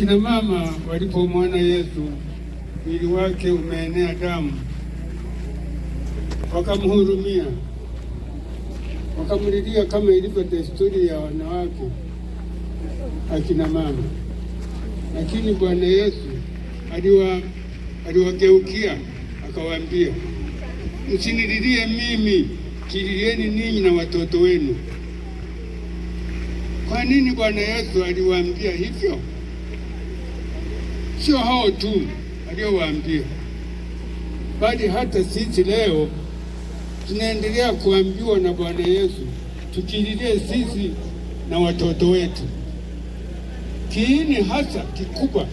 akina mama walipomwona Yesu, mwili wake umeenea damu, wakamhurumia, wakamlilia kama ilivyo desturi ya wanawake akina mama. Lakini Bwana Yesu aliwa aliwageukia akawaambia, msinililie mimi, kililieni ninyi na watoto wenu. Kwa nini Bwana Yesu aliwaambia hivyo? Sio hao tu aliyowaambia bali hata sisi leo tunaendelea kuambiwa na Bwana Yesu tukililie sisi na watoto wetu. Kiini hasa kikubwa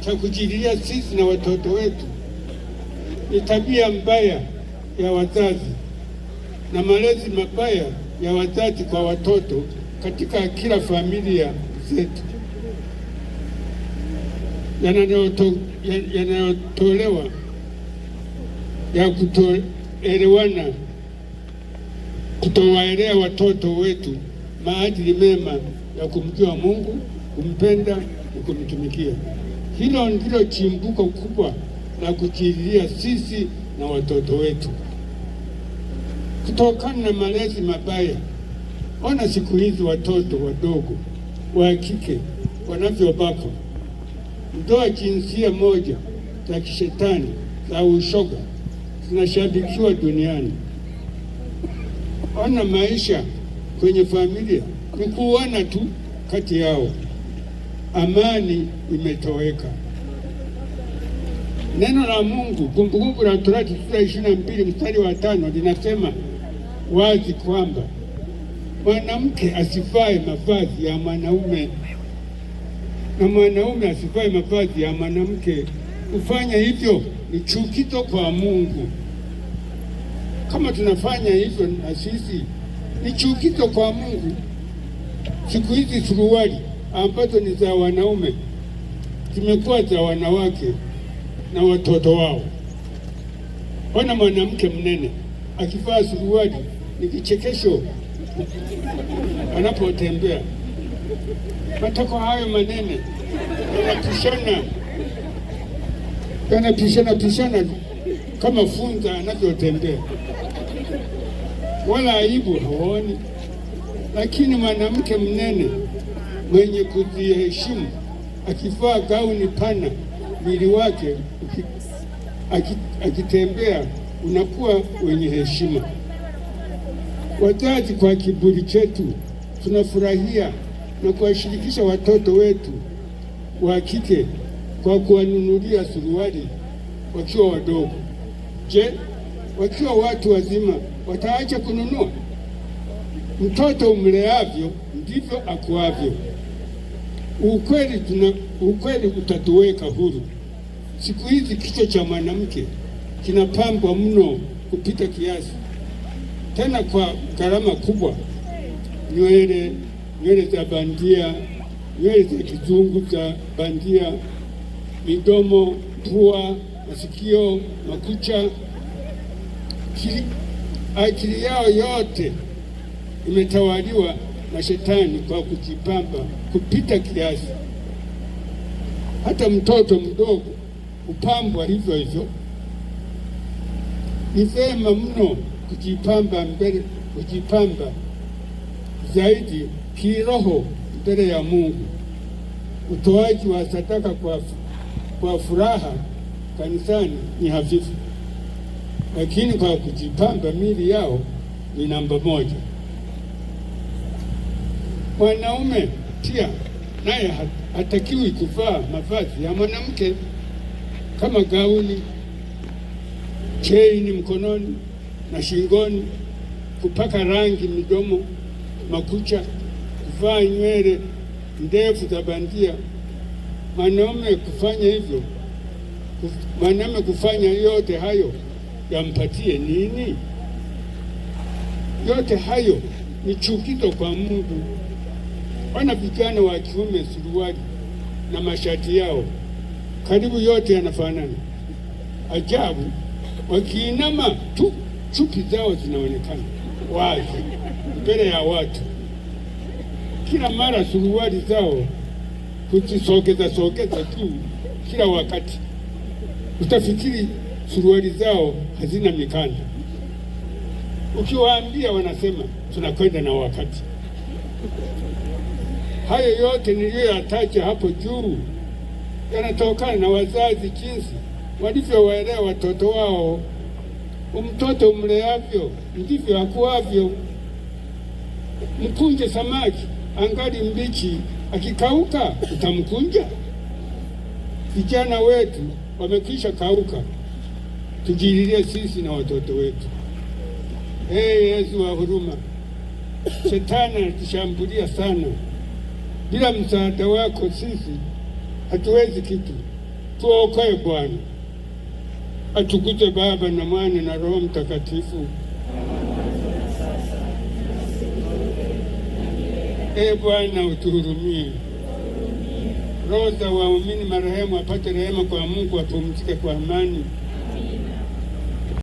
cha kujililia sisi na watoto wetu ni tabia mbaya ya wazazi na malezi mabaya ya wazazi kwa watoto katika kila familia zetu yanayotolewa ya kutoelewana, kutowaelea watoto wetu maadili mema ya kumjua Mungu, kumpenda na kumtumikia. Hilo ndilo chimbuko kubwa la kujilia sisi na watoto wetu kutokana na malezi mabaya. Ona siku hizi watoto wadogo wa kike wanavyobakwa ndoa jinsia moja za kishetani za ushoga zinashabikiwa duniani. Ona maisha kwenye familia ni kuona tu kati yao, amani imetoweka. Neno la Mungu Kumbukumbu la Torati sura ishirini na mbili mstari wa tano linasema wazi kwamba mwanamke asivae mavazi ya mwanaume na mwanaume asivae mavazi ya mwanamke. Kufanya hivyo ni chukizo kwa Mungu. Kama tunafanya hivyo na sisi ni chukizo kwa Mungu. Siku hizi suruali ambazo ni za wanaume zimekuwa za wanawake na watoto wao. Ona mwanamke mnene akivaa suruali ni kichekesho anapotembea hata hayo manene yanapishana, yanapishana pishana kama funza anavyotembea, wala aibu haoni. Lakini mwanamke mnene mwenye kujiheshimu akivaa gauni pana, mwili wake akitembea unakuwa wenye heshima. Wazazi, kwa kiburi chetu tunafurahia na kuwashirikisha watoto wetu wa kike kwa kuwanunulia suruali wakiwa wadogo. Je, wakiwa watu wazima wataacha kununua? Mtoto umleavyo ndivyo akuavyo. Ukweli tuna ukweli utatuweka huru. Siku hizi kichwa cha mwanamke kinapambwa mno kupita kiasi, tena kwa gharama kubwa. Nywele nywele za bandia, nywele za kizungu za bandia, midomo, pua, masikio, makucha, akili yao yote imetawaliwa na shetani kwa kujipamba kupita kiasi. Hata mtoto mdogo upambwa hivyo hivyo. Ni vema mno kujipamba mbele, kujipamba zaidi kiroho mbele ya Mungu. Utoaji wa sadaka kwa, kwa furaha kanisani ni hafifu, lakini kwa kujipamba miili yao ni namba moja. Mwanaume pia naye hatakiwi kuvaa mavazi ya mwanamke kama gauni, cheini mkononi na shingoni, kupaka rangi midomo makucha, kuvaa nywele ndefu za bandia. Mwanaume kufanya hivyo, mwanaume kufanya yote hayo yampatie nini? Yote hayo ni chukizo kwa Mungu. Wana vijana wa kiume suruali na mashati yao karibu yote yanafanana. Ajabu, wakiinama tu chupi zao zinaonekana wazi mbele ya watu, kila mara suruali zao kuzisogeza sogeza tu kila wakati, utafikiri suruali zao hazina mikanda. Ukiwaambia wanasema tunakwenda na wakati. Hayo yote niliyoyataja hapo juu yanatokana na wazazi, jinsi walivyowaelea watoto wao. Mtoto mleavyo ndivyo akuavyo. Mkunje samaki angali mbichi, akikauka utamkunja? Vijana wetu wamekisha kauka, tujililie sisi na watoto wetu. Ee Yesu wa huruma, shetani anatushambulia sana. Bila msaada wako sisi hatuwezi kitu. Tuokoe Bwana. Atukuze Baba na Mwana na Roho Mtakatifu. E Bwana, utuhurumie. Roho za waumini marehemu apate rehema kwa Mungu, apumzike kwa amani.